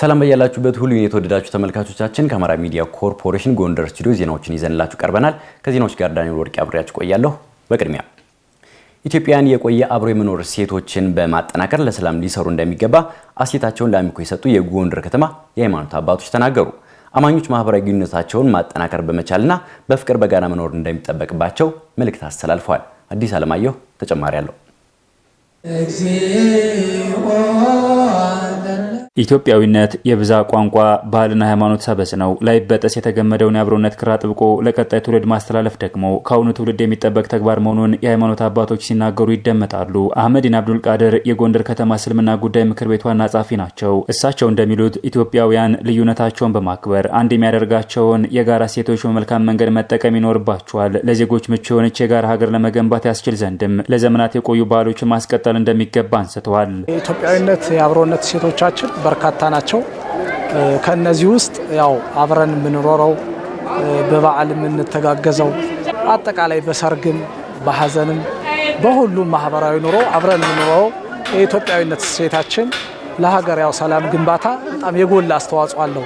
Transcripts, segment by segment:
ሰላም በያላችሁበት ሁሉ የተወደዳችሁ ተመልካቾቻችን ከአማራ ሚዲያ ኮርፖሬሽን ጎንደር ስቱዲዮ ዜናዎችን ይዘንላችሁ ቀርበናል። ከዜናዎች ጋር ዳንኤል ወርቅ አብሬያችሁ ቆያለሁ። በቅድሚያ ኢትዮጵያን የቆየ አብሮ የመኖር ሴቶችን በማጠናከር ለሰላም ሊሰሩ እንደሚገባ አሴታቸውን ለአሚኮ የሰጡ የጎንደር ከተማ የሃይማኖት አባቶች ተናገሩ። አማኞች ማህበራዊ ግንኙነታቸውን ማጠናከር በመቻልና በፍቅር በጋራ መኖር እንደሚጠበቅባቸው መልእክት አስተላልፏል። አዲስ አለማየሁ ተጨማሪ አለው። ኢትዮጵያዊነት የብዛ ቋንቋ፣ ባህልና ሃይማኖት ሰበዝ ነው። ላይበጠስ የተገመደውን የአብሮነት ክር አጥብቆ ለቀጣይ ትውልድ ማስተላለፍ ደግሞ ከአሁኑ ትውልድ የሚጠበቅ ተግባር መሆኑን የሃይማኖት አባቶች ሲናገሩ ይደመጣሉ። አህመዲን አብዱልቃድር የጎንደር ከተማ እስልምና ጉዳይ ምክር ቤት ዋና ጻፊ ናቸው። እሳቸው እንደሚሉት ኢትዮጵያውያን ልዩነታቸውን በማክበር አንድ የሚያደርጋቸውን የጋራ ሴቶች በመልካም መንገድ መጠቀም ይኖርባቸዋል። ለዜጎች ምቹ የሆነች የጋራ ሀገር ለመገንባት ያስችል ዘንድም ለዘመናት የቆዩ ባህሎች ማስቀጠል እንደሚገባ አንስተዋል። ኢትዮጵያዊነት የአብሮነት ሴቶቻችን በርካታ ናቸው። ከነዚህ ውስጥ ያው አብረን የምንኖረው በበዓል የምንተጋገዘው አጠቃላይ በሰርግም በሀዘንም በሁሉም ማህበራዊ ኑሮ አብረን የምንኖረው የኢትዮጵያዊነት እሴታችን ለሀገር ያው ሰላም ግንባታ በጣም የጎላ አስተዋጽኦ አለው።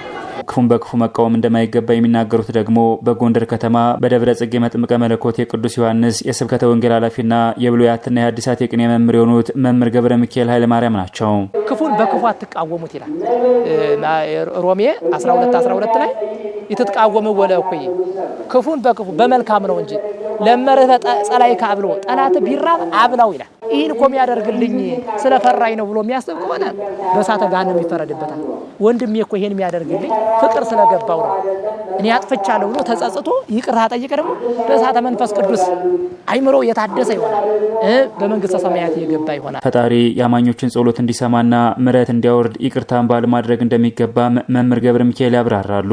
ክፉን በክፉ መቃወም እንደማይገባ የሚናገሩት ደግሞ በጎንደር ከተማ በደብረ ጽጌ መጥምቀ መለኮት የቅዱስ ዮሐንስ የስብከተ ወንጌል ኃላፊና የብሉያትና የሐዲሳት የቅኔ መምህር የሆኑት መምህር ገብረ ሚካኤል ማርያም ናቸው። ክፉን በክፉ አትቃወሙት ይላል ሮሜ 12 12 ላይ ይትቃወሙ ወለ እኩይ ክፉን በክፉ በመልካም ነው እንጂ ለመረተ ጸላይ ካብሎ ጠላት ቢራብ አብላው ይላል። ይህን እኮ የሚያደርግልኝ ስለፈራኝ ነው ብሎ የሚያስብ ከሆነ በእሳተ ገሃነም ይፈረድበታል። ወንድሜ እኮ ይህን የሚያደርግልኝ ፍቅር ስለገባው ነው፣ እኔ አጥፍቻለሁ ብሎ ተጸጽቶ ይቅርታ ጠይቀ ደግሞ በእሳተ መንፈስ ቅዱስ አይምሮ የታደሰ ይሆናል፣ በመንግስተ ሰማያት የገባ ይሆናል። ፈጣሪ የአማኞችን ጸሎት እንዲሰማና ምረት እንዲያወርድ ይቅርታን ማድረግ እንደሚገባ መምህር ገብረ ሚካኤል ያብራራሉ።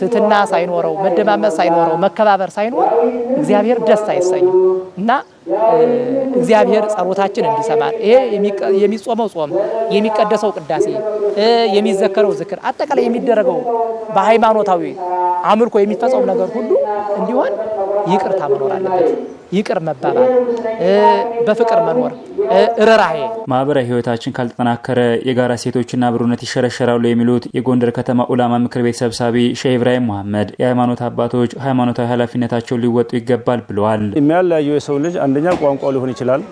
ትትና ሳይኖረው መደማመጥ ሳይኖረው መከባበር ሳይኖር እግዚአብሔር ደስ አይሰኝም እና እግዚአብሔር ጸሎታችን እንዲሰማን ይሄ የሚጾመው ጾም፣ የሚቀደሰው ቅዳሴ፣ የሚዘከረው ዝክር፣ አጠቃላይ የሚደረገው በሃይማኖታዊ አምልኮ የሚፈጸው ነገር ሁሉ እንዲሆን ይቅርታ መኖር አለበት። ይቅር መባባል፣ በፍቅር መኖር ርህራሄ ማህበራዊ ህይወታችን ካልተጠናከረ የጋራ ሴቶችና ብሩነት ይሸረሸራሉ የሚሉት የጎንደር ከተማ ኡላማ ምክር ቤት ሰብሳቢ ሼህ ኢብራሂም መሐመድ የሃይማኖት አባቶች ሃይማኖታዊ ኃላፊነታቸውን ሊወጡ ይገባል ብለዋል። የሚያለያየው የሰው ልጅ አንደኛ ቋንቋ ሊሆን ይችላል፣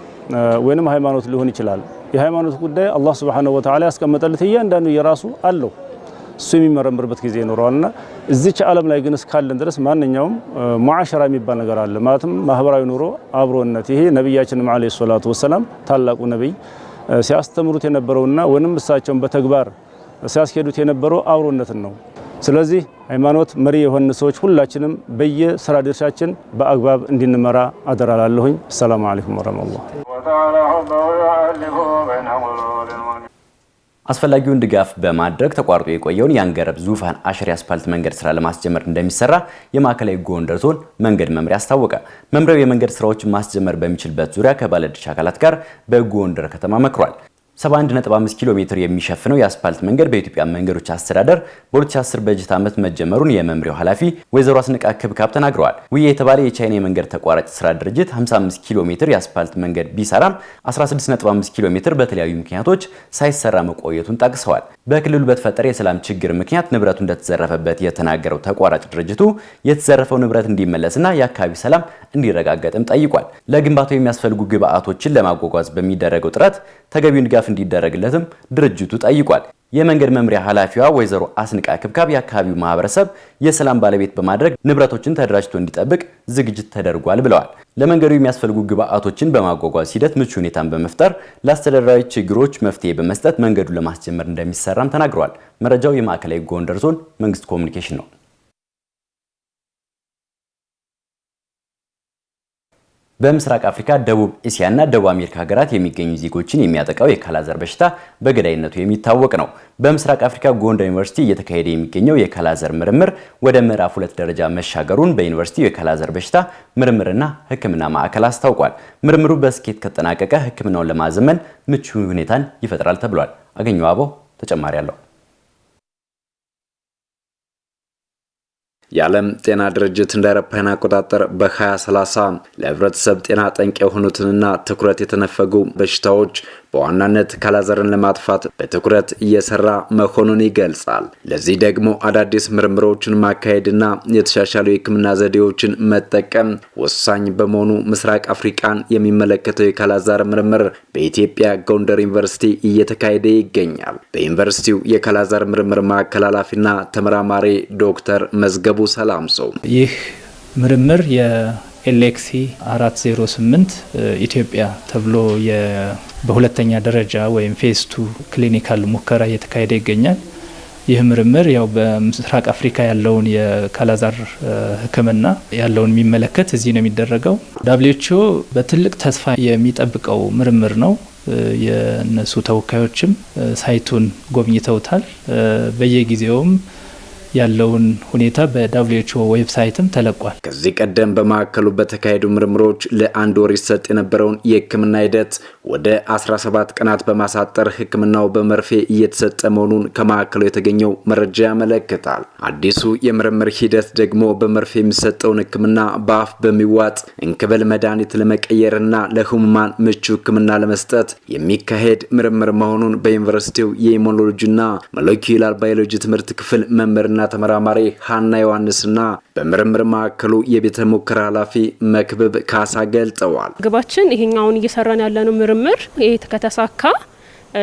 ወይንም ሃይማኖት ሊሆን ይችላል። የሃይማኖት ጉዳይ አላህ ስብሐነሁ ወተዓላ ያስቀመጠለት እያንዳንዱ የራሱ አለው እሱ የሚመረምርበት ጊዜ ይኖረዋልና እዚች ዓለም ላይ ግን እስካለን ድረስ ማንኛውም ሙዓሸራ የሚባል ነገር አለ። ማለትም ማህበራዊ ኑሮ፣ አብሮነት። ይሄ ነቢያችንም ዓለይሂ ሰላቱ ወሰላም ታላቁ ነቢይ ሲያስተምሩት የነበረውና ወይም እሳቸውን በተግባር ሲያስኬዱት የነበረው አብሮነትን ነው። ስለዚህ ሃይማኖት መሪ የሆን ሰዎች ሁላችንም በየስራ ድርሻችን በአግባብ እንድንመራ አደራላለሁኝ። አሰላሙ አለይኩም ወረህመቱላህ አስፈላጊውን ድጋፍ በማድረግ ተቋርጦ የቆየውን የአንገረብ ዙፋን አሸር አስፓልት መንገድ ስራ ለማስጀመር እንደሚሰራ የማዕከላዊ ጎንደር ዞን መንገድ መምሪያ አስታወቀ። መምሪያው የመንገድ ስራዎችን ማስጀመር በሚችልበት ዙሪያ ከባለድርሻ አካላት ጋር በጎንደር ከተማ መክሯል። 71.5 ኪሎ ሜትር የሚሸፍነው የአስፓልት መንገድ በኢትዮጵያ መንገዶች አስተዳደር በ2010 በጀት ዓመት መጀመሩን የመምሪያው ኃላፊ ወይዘሮ አስነቃ ክብካብ ተናግረዋል። ውዬ የተባለ የቻይና የመንገድ ተቋራጭ ስራ ድርጅት 55 ኪሎ ሜትር የአስፓልት መንገድ ቢሰራም 16.5 ኪሎ ሜትር በተለያዩ ምክንያቶች ሳይሰራ መቆየቱን ጠቅሰዋል። በክልሉ በተፈጠረ የሰላም ችግር ምክንያት ንብረቱ እንደተዘረፈበት የተናገረው ተቋራጭ ድርጅቱ የተዘረፈው ንብረት እንዲመለስና የአካባቢ ሰላም እንዲረጋገጥም ጠይቋል። ለግንባታው የሚያስፈልጉ ግብአቶችን ለማጓጓዝ በሚደረገው ጥረት ተገቢውን ድጋፍ ድጋፍ እንዲደረግለትም ድርጅቱ ጠይቋል። የመንገድ መምሪያ ኃላፊዋ ወይዘሮ አስንቃ ክብካብ የአካባቢው ማህበረሰብ የሰላም ባለቤት በማድረግ ንብረቶችን ተደራጅቶ እንዲጠብቅ ዝግጅት ተደርጓል ብለዋል። ለመንገዱ የሚያስፈልጉ ግብአቶችን በማጓጓዝ ሂደት ምቹ ሁኔታን በመፍጠር ለአስተዳደራዊ ችግሮች መፍትሄ በመስጠት መንገዱን ለማስጀመር እንደሚሰራም ተናግረዋል። መረጃው የማዕከላዊ ጎንደር ዞን መንግስት ኮሚኒኬሽን ነው። በምስራቅ አፍሪካ፣ ደቡብ እስያ እና ደቡብ አሜሪካ ሀገራት የሚገኙ ዜጎችን የሚያጠቃው የካላዘር በሽታ በገዳይነቱ የሚታወቅ ነው። በምስራቅ አፍሪካ ጎንደር ዩኒቨርሲቲ እየተካሄደ የሚገኘው የካላዘር ምርምር ወደ ምዕራፍ ሁለት ደረጃ መሻገሩን በዩኒቨርሲቲው የካላዘር በሽታ ምርምርና ሕክምና ማዕከል አስታውቋል። ምርምሩ በስኬት ከተጠናቀቀ ሕክምናውን ለማዘመን ምቹ ሁኔታን ይፈጥራል ተብሏል። አገኘው አበው ተጨማሪ አለው። የዓለም ጤና ድርጅት እንደ አውሮፓውያን አቆጣጠር በ2030 ለህብረተሰብ ጤና ጠንቅ የሆኑትንና ትኩረት የተነፈጉ በሽታዎች በዋናነት ካላዘርን ለማጥፋት በትኩረት እየሰራ መሆኑን ይገልጻል። ለዚህ ደግሞ አዳዲስ ምርምሮችን ማካሄድና የተሻሻሉ የህክምና ዘዴዎችን መጠቀም ወሳኝ በመሆኑ ምስራቅ አፍሪካን የሚመለከተው የካላዛር ምርምር በኢትዮጵያ ጎንደር ዩኒቨርሲቲ እየተካሄደ ይገኛል። በዩኒቨርሲቲው የካላዛር ምርምር ማዕከል ኃላፊና ተመራማሪ ዶክተር መዝገቡ አለቡ ሰላም ሰው ይህ ምርምር የኤሌክሲ 408 ኢትዮጵያ ተብሎ በሁለተኛ ደረጃ ወይም ፌስ ቱ ክሊኒካል ሙከራ እየተካሄደ ይገኛል። ይህ ምርምር ያው በምስራቅ አፍሪካ ያለውን የካላዛር ሕክምና ያለውን የሚመለከት እዚህ ነው የሚደረገው። ዳብሊውኤችኦ በትልቅ ተስፋ የሚጠብቀው ምርምር ነው። የእነሱ ተወካዮችም ሳይቱን ጎብኝተውታል። በየጊዜውም ያለውን ሁኔታ በዳብሊውኤችኦ ዌብሳይትም ተለቋል። ከዚህ ቀደም በማዕከሉ በተካሄዱ ምርምሮች ለአንድ ወር ይሰጥ የነበረውን የሕክምና ሂደት ወደ 17 ቀናት በማሳጠር ሕክምናው በመርፌ እየተሰጠ መሆኑን ከማዕከሉ የተገኘው መረጃ ያመለክታል። አዲሱ የምርምር ሂደት ደግሞ በመርፌ የሚሰጠውን ሕክምና በአፍ በሚዋጥ እንክብል መድኃኒት ለመቀየርና ለህሙማን ምቹ ሕክምና ለመስጠት የሚካሄድ ምርምር መሆኑን በዩኒቨርሲቲው የኢሞኖሎጂና ሞለኪላር ባዮሎጂ ትምህርት ክፍል መምህርና ተመራማሪ ሀና ዮሐንስና በምርምር ማዕከሉ የቤተ ሙከራ ኃላፊ መክብብ ካሳ ገልጠዋል። ግባችን ይሄኛውን እየሰራን ያለነው ምርምር ይህ ከተሳካ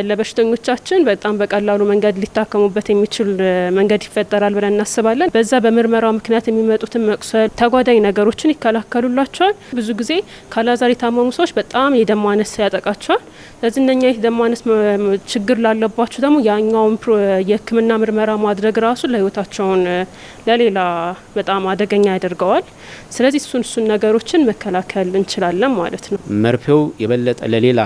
ለበሽተኞቻችን በጣም በቀላሉ መንገድ ሊታከሙበት የሚችል መንገድ ይፈጠራል ብለን እናስባለን። በዛ በምርመራው ምክንያት የሚመጡትን መቁሰል፣ ተጓዳኝ ነገሮችን ይከላከሉላቸዋል። ብዙ ጊዜ ካላዛር የታመሙ ሰዎች በጣም የደም ማነስ ያጠቃቸዋል። ስለዚህ እነኛ የደም ማነስ ችግር ላለባቸው ደግሞ ያኛውን የሕክምና ምርመራ ማድረግ ራሱ ለህይወታቸውን ለሌላ በጣም አደገኛ ያደርገዋል። ስለዚህ እሱን እሱን ነገሮችን መከላከል እንችላለን ማለት ነው። መርፌው የበለጠ ለሌላ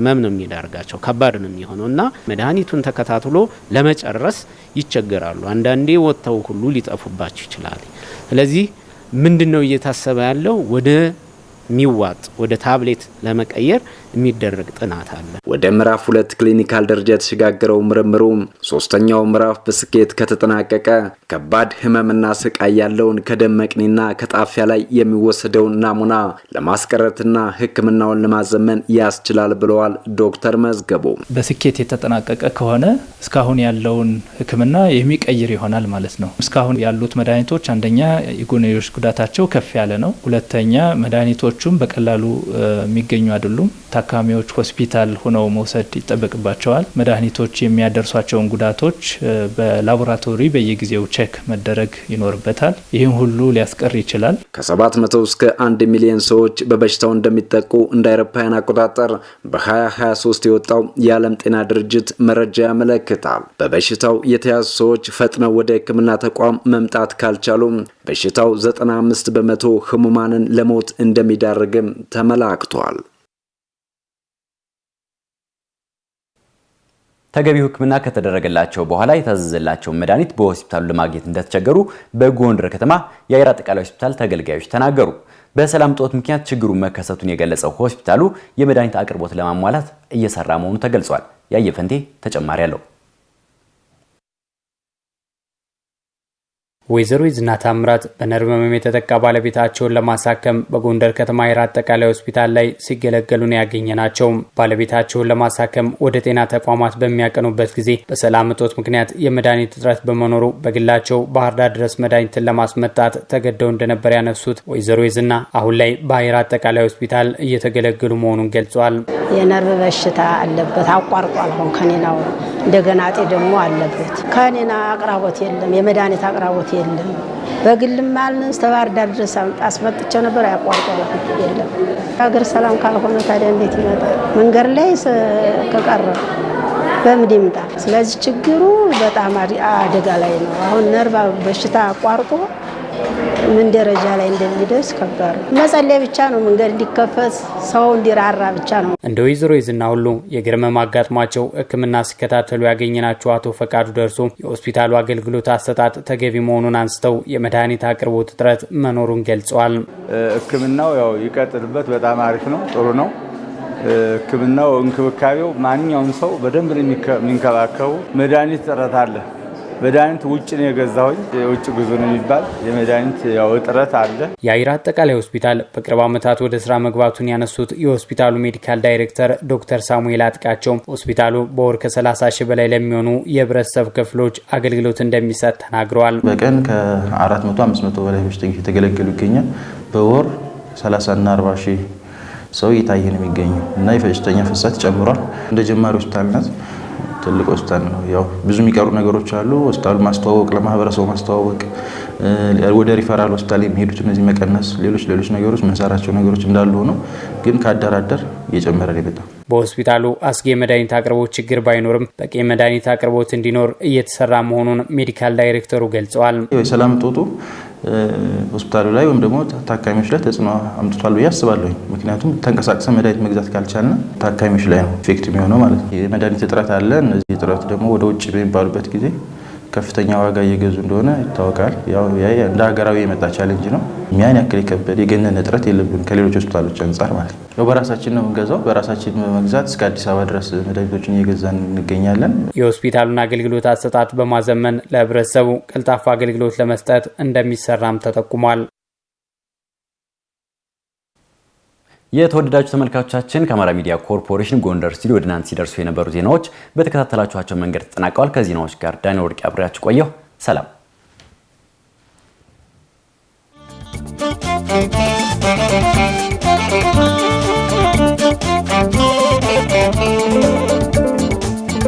ህመም ነው የሚዳርጋቸው። ከባድ ነው የሚሆነው እና መድኃኒቱን ተከታትሎ ለመጨረስ ይቸገራሉ። አንዳንዴ ወጥተው ሁሉ ሊጠፉባቸው ይችላል። ስለዚህ ምንድን ነው እየታሰበ ያለው ወደ ሚዋጥ ወደ ታብሌት ለመቀየር የሚደረግ ጥናት አለ። ወደ ምዕራፍ ሁለት ክሊኒካል ደረጃ የተሸጋገረው ምርምሩ ሶስተኛው ምዕራፍ በስኬት ከተጠናቀቀ ከባድ ህመምና ስቃይ ያለውን ከደመቅኒና ከጣፊያ ላይ የሚወሰደውን ናሙና ለማስቀረትና ህክምናውን ለማዘመን ያስችላል ብለዋል ዶክተር መዝገቡ። በስኬት የተጠናቀቀ ከሆነ እስካሁን ያለውን ህክምና የሚቀይር ይሆናል ማለት ነው። እስካሁን ያሉት መድኃኒቶች አንደኛ የጎንዮሽ ጉዳታቸው ከፍ ያለ ነው። ሁለተኛ መድኃኒቶቹም በቀላሉ የሚገኙ አይደሉም። ታካሚዎች ሆስፒታል ሆነው መውሰድ ይጠበቅባቸዋል። መድኃኒቶች የሚያደርሷቸውን ጉዳቶች በላቦራቶሪ በየጊዜው ቼክ መደረግ ይኖርበታል። ይህም ሁሉ ሊያስቀር ይችላል። ከ700 እስከ 1 ሚሊዮን ሰዎች በበሽታው እንደሚጠቁ እንደ አውሮፓውያን አቆጣጠር በ2023 የወጣው የዓለም ጤና ድርጅት መረጃ ያመለክታል። በበሽታው የተያዙ ሰዎች ፈጥነው ወደ ሕክምና ተቋም መምጣት ካልቻሉም በሽታው 95 በመቶ ህሙማንን ለሞት እንደሚዳርግም ተመላክቷል። ተገቢው ሕክምና ከተደረገላቸው በኋላ የታዘዘላቸውን መድኃኒት በሆስፒታሉ ለማግኘት እንደተቸገሩ በጎንደር ከተማ የአየር አጠቃላይ ሆስፒታል ተገልጋዮች ተናገሩ። በሰላም ጦት ምክንያት ችግሩ መከሰቱን የገለጸው ሆስፒታሉ የመድኃኒት አቅርቦት ለማሟላት እየሰራ መሆኑ ተገልጿል። ያየፈንቴ ተጨማሪ አለው። ወይዘሮ ይዝና ታምራት በነርቭ ህመም የተጠቃ ባለቤታቸውን ለማሳከም በጎንደር ከተማ የራ አጠቃላይ ሆስፒታል ላይ ሲገለገሉ ያገኘ ናቸው። ባለቤታቸውን ለማሳከም ወደ ጤና ተቋማት በሚያቀኑበት ጊዜ በሰላም እጦት ምክንያት የመድኃኒት እጥረት በመኖሩ በግላቸው ባህር ዳር ድረስ መድኃኒትን ለማስመጣት ተገደው እንደነበር ያነሱት ወይዘሮ ይዝና አሁን ላይ በሄራ አጠቃላይ ሆስፒታል እየተገለገሉ መሆኑን ገልጿል። የነርቭ በሽታ አለበት አቋርጧል። አሁን ከኔናው እንደገና ጤ ደግሞ አለበት ከኔና አቅራቦት የለም የመድኃኒት አቅራቦት የለም። በግልም አልን እስከ ዳር ድረስ አስመጥቼው ነበር። ያቋርጧል የለም። ሀገር ሰላም ካልሆነ ታዲያ እንዴት ይመጣል? መንገድ ላይ ከቀረ በምን ይምጣል? ስለዚህ ችግሩ በጣም አደጋ ላይ ነው። አሁን ነርቭ በሽታ አቋርጦ ምን ደረጃ ላይ እንደሚደርስ ከባድ ነው። መጸለይ ብቻ ነው መንገድ እንዲከፈት ሰው እንዲራራ ብቻ ነው። እንደ ወይዘሮ ይዝና ሁሉ የእግር ህመም አጋጥሟቸው ሕክምና ሲከታተሉ ያገኘናቸው አቶ ፈቃዱ ደርሶ የሆስፒታሉ አገልግሎት አሰጣጥ ተገቢ መሆኑን አንስተው የመድኃኒት አቅርቦት እጥረት መኖሩን ገልጸዋል። ሕክምናው ያው ይቀጥልበት፣ በጣም አሪፍ ነው፣ ጥሩ ነው። ሕክምናው እንክብካቤው ማንኛውም ሰው በደንብ የሚንከባከቡ። መድኃኒት ጥረት አለ። መድኃኒት ውጭ ነው የገዛሁኝ። የውጭ ጉዞ ነው የሚባል የመድኃኒት ያው እጥረት አለ። የአይራ አጠቃላይ ሆስፒታል በቅርብ ዓመታት ወደ ስራ መግባቱን ያነሱት የሆስፒታሉ ሜዲካል ዳይሬክተር ዶክተር ሳሙኤል አጥቃቸው ሆስፒታሉ በወር ከ30 ሺህ በላይ ለሚሆኑ የህብረተሰብ ክፍሎች አገልግሎት እንደሚሰጥ ተናግረዋል። በቀን ከ450 በላይ በሽተኞች የተገለገሉ ይገኛል። በወር 30ና 40 ሺህ ሰው እየታየ ነው የሚገኘው እና የበሽተኛ ፍሰት ጨምሯል። እንደ ጀማሪ ሆስፒታልነት ትልቅ ሆስፒታል ነው። ያው ብዙ የሚቀሩ ነገሮች አሉ። ሆስፒታሉ ማስተዋወቅ፣ ለማህበረሰቡ ማስተዋወቅ፣ ወደ ሪፈራል ሆስፒታል የሚሄዱት እነዚህ መቀነስ፣ ሌሎች ሌሎች ነገሮች ምንሰራቸው ነገሮች እንዳሉ ሆነው ግን ከአደራደር አዳር እየጨመረ ነው በሆስፒታሉ አስጊ የመድኃኒት አቅርቦት ችግር ባይኖርም በቂ የመድኃኒት አቅርቦት እንዲኖር እየተሰራ መሆኑን ሜዲካል ዳይሬክተሩ ገልጸዋል። የሰላም እጦቱ ሆስፒታሉ ላይ ወይም ደግሞ ታካሚዎች ላይ ተጽዕኖ አምጥቷል ብዬ አስባለሁ። ምክንያቱም ተንቀሳቅሰ መድኃኒት መግዛት ካልቻልና ታካሚዎች ላይ ነው ኢፌክት የሚሆነው ማለት ነው። የመድኃኒት እጥረት አለ። እነዚህ እጥረት ደግሞ ወደ ውጭ በሚባሉበት ጊዜ ከፍተኛ ዋጋ እየገዙ እንደሆነ ይታወቃል። እንደ ሀገራዊ የመጣ ቻሌንጅ ነው። ሚያን ያክል የከበደ የገነን እጥረት የለብን ከሌሎች ሆስፒታሎች አንጻር ማለት ነው። በራሳችን ነው የምንገዛው። በራሳችን በመግዛት እስከ አዲስ አበባ ድረስ መድኃኒቶችን እየገዛን እንገኛለን። የሆስፒታሉን አገልግሎት አሰጣጥ በማዘመን ለህብረተሰቡ ቀልጣፋ አገልግሎት ለመስጠት እንደሚሰራም ተጠቁሟል። የተወደዳችሁ ተመልካቾቻችን ከአማራ ሚዲያ ኮርፖሬሽን ጎንደር ስቱዲዮ ወደ እናንተ ሲደርሱ የነበሩ ዜናዎች በተከታተላችኋቸው መንገድ ተጠናቀዋል። ከዜናዎች ጋር ዳንኤል ወርቅ አብሬያችሁ ቆየሁ። ሰላም